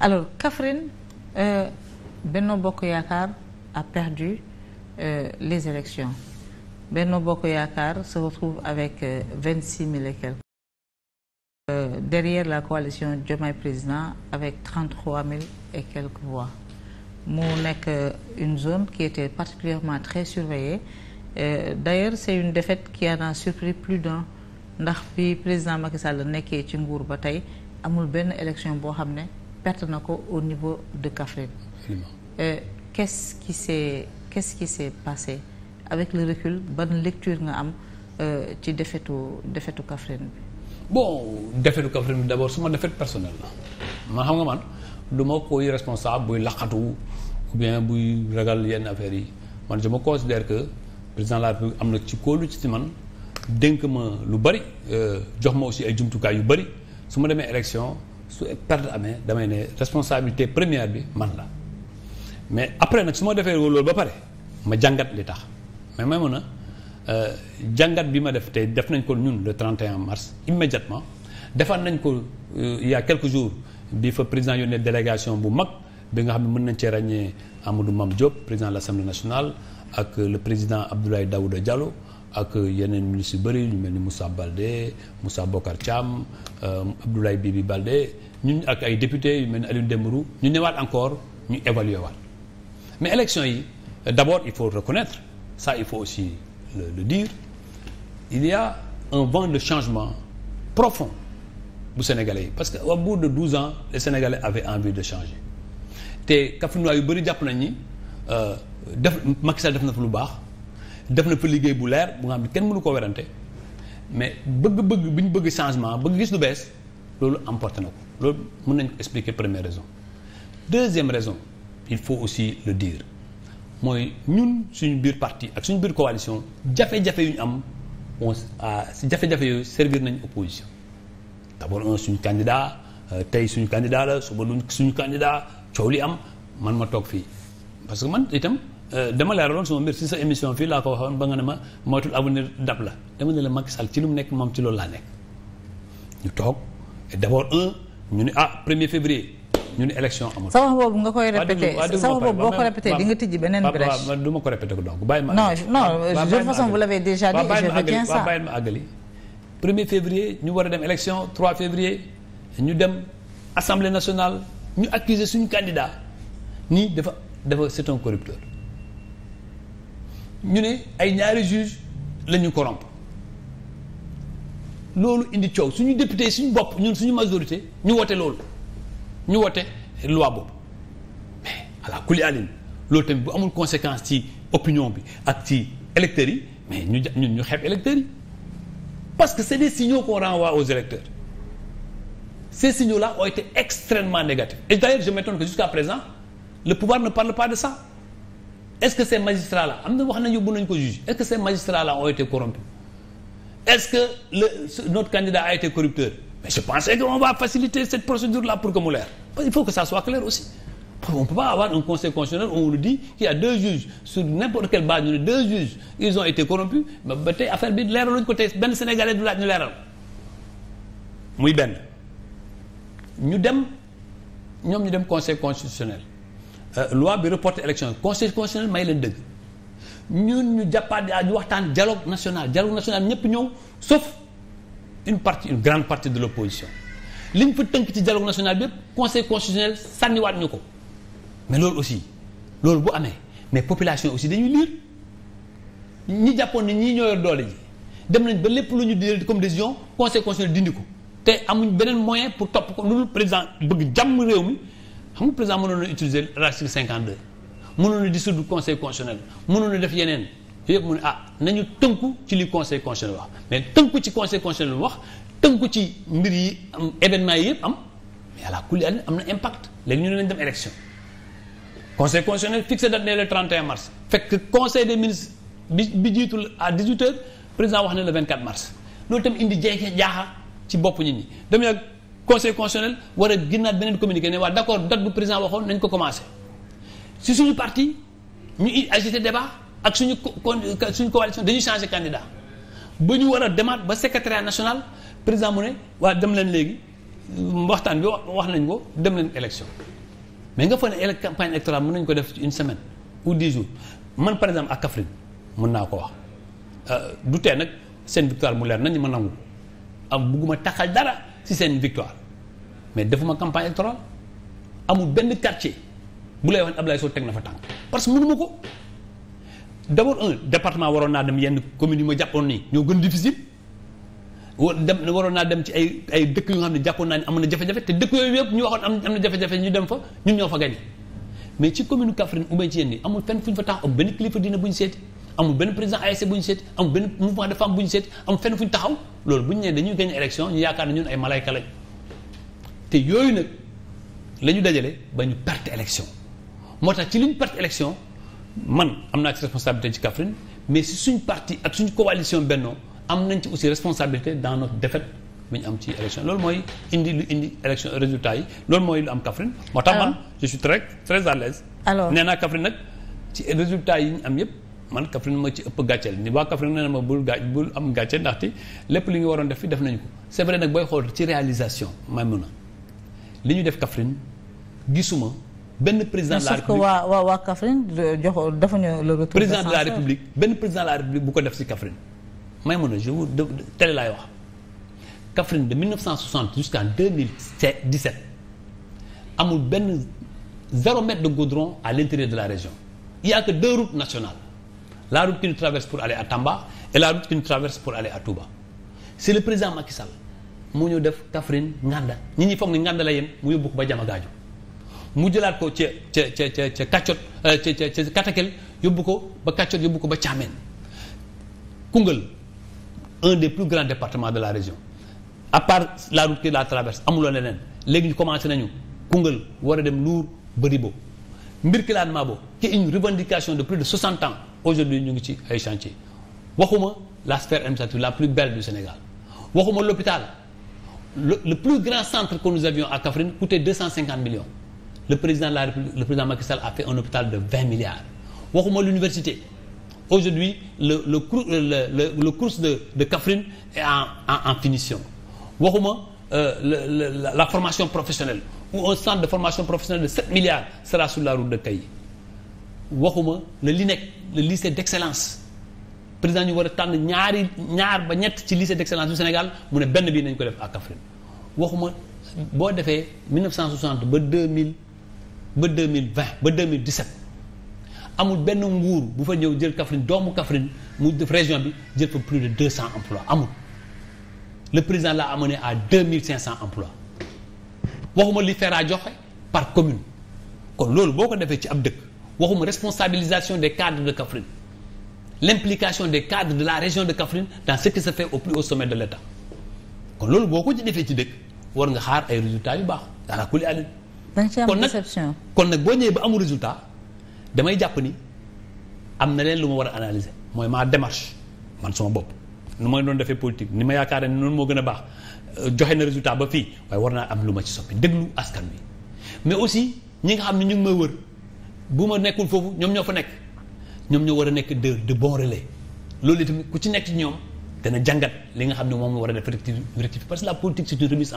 alors Kaffrine euh, Benno Bokk Yaakaar a perdu euh, les élections Benno Bokk Yaakaar se retrouve avec euh, vingt 26 mille et quelques euh, derrière la coalition Diomaye Président avec 33 000 et quelques voix moo nekk euh, une zone qui était particulièrement très surveillée d'ailleurs c'est une défaite qui en a surpris plus d'un ndax bi président Macky Sall nekkee ci nguur ba tey amul benn élection boo xam ne perte na ko au niveau de Kaffrine. Euh, qu'est-ce qui s'est qu'est-ce qui s'est passé avec le recul ban lecture nga am euh, ci defetu defetu Kaffrine bi. bon defetu Kaffrine bi su ma defet personnel la man xam nga man du ma koy responsable buy laqatu ou bien buy ragal yenn affaires yi man je me considère que président la République am na ci kóolu ci si man dénk ma lu bari euh, jox ma aussi ay jumtukaay yu bari su ma demee élection. su perte amee damay ne responsabilité première bi man la mais après nag su ma defee loolu ba pare ma jàngat li tax mais may mën a euh, jàngat bi ma def tey def nañ ko ñun le 31 mars immédiatement defaat nañ ko euh, il y a quelques jours bi fa président yónnee délégation bu mag bi nga xam ne mën nañ cee ràññee Amadou mam Diop président de l'Assemblée nationale ak le président Abdoulaye Daouda Diallo ak yeneen ministre yu bëri ñu mel ni Moussa Baldé Moussa Bokar Thiam euh, Abdoulaye Bibi Baldé ñun ak ay député yu mel ni Aliou Dembourou ñu newaat encore ñu évaluer waat mais élection yi d'abord il faut reconnaître ça il faut aussi le, le dire il y un vent de changement profond bu Sénégalais yi parce que au bout de 12 ans les Sénégalais avaient envie de changer te Kaffrinois yu bëri jàpp nañ ni euh, def Macky Sall def na fa lu baax def na fa liggéey bu leer bu nga xam ne kenn mënu ko werante mais bëgg-bëgg bi ñu bëgg changement bëgg gis lu bees loolu emporté na ko loolu mën nañ ko expliquer première raison deuxième raison il faut aussi le dire mooy ñun suñu biir parti ak suñu biir coalition jafe-jafe yu ñu am on ah, si jafe-jafe yooyu servir nañ opposition d'abord un suñu candidat euh, tey suñu candidat la suba duñ suñu candidat coow li am man ma toog fii parce que man itam Euh, dama leeraloon sama mbir si sa émission fii laa ko waxoon ba nga ne ma moytul avenir dab la dama ne la Macky Sall ci lu mu nekk moom ci loolu laa nekk ñu toog d' abord un ñu ne ah premier février ñu ne élection amul. sama boobu nga koy répété sama boobu boo ko répété di nga tijji beneen brèche. waaw du ma ko répété ko donc bàyyi ma. non non de toute façon vous l'avez déjà dit je veux bien ça waaw bàyyi ma àggali premier février ñu war a dem élection 3 février ñu dem assemblée nationale ñu accuser suñu candidat nii dafa dafa c' est un corrupteur. ñu ne ay ñaari juge la ñu corrompre loolu indi coow suñu député suñu bopp ñun suñu majorité ñu wote loolu ñu wote loi boobu mais ala kuli alin loolu tamit bu amul conséquence ci opinion bi ak ci électeurs yi mais ñu ñun ñu xeeb électeurs yi parce que c'est des signaux ko renvoie aux électeurs ces signaux là ont été extrêmement négatifs et d'ailleurs je m'étonne que jusqu'à présent le pouvoir ne parle pas de ça est-ce que ces magistrats là am na wax nañu bu nañ ko juge est-ce que ces magistrats là ont été corrompus est-ce que le notre candidat a été corrupteur mais je pensais qu'on va faciliter cette procédure là pour que mu leer parce qu'il faut que ça soit clair aussi on peut pas avoir un conseil constitutionnel on nous dit qu'il y a deux juges sur n'importe quelle base ñu ne deux juges ils ont été corrompus mais ba tey affaire bi leeraluñu ko tey benn sénégalais du laaj ñu leeral muy benn ñu dem ñoom ñu dem conseil Euh, loi bi reporté élection yi conseil constitutionnel may leen dëgg ñun ñu jàppaat ñu waxtaan dialogue national dialogue national ñëpp ñëw sauf une partie une grande partie de l' opposition li ñu fa tënk ci dialogue national bi yëpp conseil constitutionnel sànniwaat ñu ko mais loolu aussi loolu bu amee mais population aussi dañuy liir ñi jàppoon ni ñii ñoo doole ji dem nañ ba lépp lu ñu di comme décision conseil constitutionnel dindi ko te amuñ beneen moyen pour topp ko loolu président bëgg jàmm réew mi xam nga président mënoon na utiliser l'article 52 mënoon na dissoudre conseil constitutionnel mënoon na def yeneen yëpp mu ne ah nañu tënku ci li conseil constitutionnel wax mais tënku ci conseil constitutionnel wax tënku ci mbir yi am événement yi yëpp am mais àla kulli àll am na impact léegi ñu ne nañ dem élection conseil constitutionnel fixé date ne le 31 mars fekk conseil des ministre bi bi jiitul à 18 heures président wax ne le 24 mars loolu itam indi jeexe jaaxa ci bopp nit ñi dem nag conseil constitutionnel war a ginnaat beneen communiqué ne waa d'accord date bu président waxoon nañ ko commencé si suñu partie ñu agité débat ak suñu suñu coalition dañu changé candidat ba ñu war a demaat ba secrétariat nationale président mu ne waa dem leen léegi waxtaan bi wax nañ ko dem leen élection mais nga foog ne campagne électorale mun nañ ko def ci une semaine ou dix jours man par exemple ak Kaffrine mun naa ko wax euh, du tee nag seen victoire bu leer nañ ma nangu am bugguma taxal dara ci seen victoire mais defuma campagne électorale amul benn quartier bu lay wax ne Abdoulaye Sow teg na fa tànk parce que mënu ma ko d' abord un département waroon naa dem yenn communes yi ma jàppoon nii ñoo gën difficile wa dem waroon naa dem ci ay ay dëkk yu nga xam ne jàppoon naa ne am na jafe-jafe te dëkk yooyu yëpp ñu waxoon am na jafe-jafe ñu dem fa ñun ñoo fa gañe mais ci commune Kaffrine ou bien ci yenn yi amul fenn fu ñu fa taxaw am benn kilifa dina bu ñu seeti amul benn président loolu bu ñu nee ñun ay malayka te yooyu nag la ñu dajale ba ñu perte élection moo tax ci li ñu perte élection man am naa ci responsabilité ci Kaffrine mais si suñ parti ak suñ coalition Benno am nañ ci aussi responsabilité dans notre défaite bi ñu am ci élection loolu mooy indi lu indi élection résultat yi loolu mooy lu am Kaffrine moo tax man je suis très très à l'aise alors nee naa Kaffrine nag ci résultat yi ñu am yëpp man Kaffrine ma ci ëpp gàcceel ni waa Kaffrine nee na bul gàc bul am gàcceel ndaxte lépp li nga waroon def fi def nañu ko nag booy xool ci réalisation may li ñu def Kaffrine gisuma benn président de la république waa waa waa Kaffrine jox dafa ñu président la république benn président de la république bu ko def si Kaffrine may mën a je vous télé laay wax Kaffrine de 1960 jusqu'en 2017 amul benn zéro mètre de goudron à l'intérieur de la région il y a que deux routes nationales la route qui nous traverse pour aller à Tamba et la route qui nous traverse pour aller à Touba c'est le président Macky mu ñu def Kaffrine nganda nit ñi foog ni nganda la yem mu yóbbu ko ba jama gaaju mu jëlaat ko ca ca ca ca ca kaccot euh, ca yóbbu ko ba kaccot yóbbu ko ba Thiamène Koungheul un des plus grands départements de la région à part la route la traverse amuloo neneen léegi ñu commencé nañu Koungheul war a dem Lour Baribo Mbirkilaan Mabo qui est une revendication de plus de 60 ans aujourd'hui ñu ngi ci ay chantier waxuma la sphère administrative la plus belle du Sénégal waxuma l'hôpital le, le plus grand centre que nous avions à Kaffrine coûtait millions le président de la République le président Macky Sall a fait un hôpital de 20 milliards waxuma l'université aujourd'hui le le le le cours de de Kaffrine est en en, en finition waxuma euh, la, formation professionnelle où un centre de formation professionnelle de 7 milliards sera sur la route de Kayi waxuma le LINEC le lycée d'excellence président ñu war a tànn ñaari ñaar ba ñett ci lycée d'excellence du Sénégal mu ne benn bii nañ ko def à Kaffrine waxuma boo defee 1960 ba 2000 ba 2020 ba 2017 amul benn nguur bu fa ñëw jël Kaffrine doomu Kaffrine mu def région bi jël fa plus de 200 emplois amul le président l'a amené à 2500 emplois waxuma li Feera joxe par commune kon loolu boo ko defee ci ab dëkk waxuma responsabilisation des cadres de Kaffrine l'implication des cadres de la région de Kaffrine dans ce qui se fait au plus haut sommet de l'État kon loolu boo ko ci defee ci dëkk war nga xaar ay résultats yu baax ala kulli alin kon nag kon nag boo ñëwee ba amul résultat damay jàpp ni am na leen lu ma war a analyser mooy maa démarche man sama bopp nu ma doon defee politique ni ma yaakaar ne noonu moo gën a baax euh, joxe na résultat ba fii waaye war naa am lu ma ci soppi déglu askan wi mais aussi ñi nga xam ne ñu ngi may wër bu ma nekkul foofu ñoom ñoo fa nekk ñoom ñoo war a nekk de de bons relais loolu itam ku ci nekk ci ñoom dana jàngat li nga xam ne moom war a def rectifier parce que la politique c'est une remise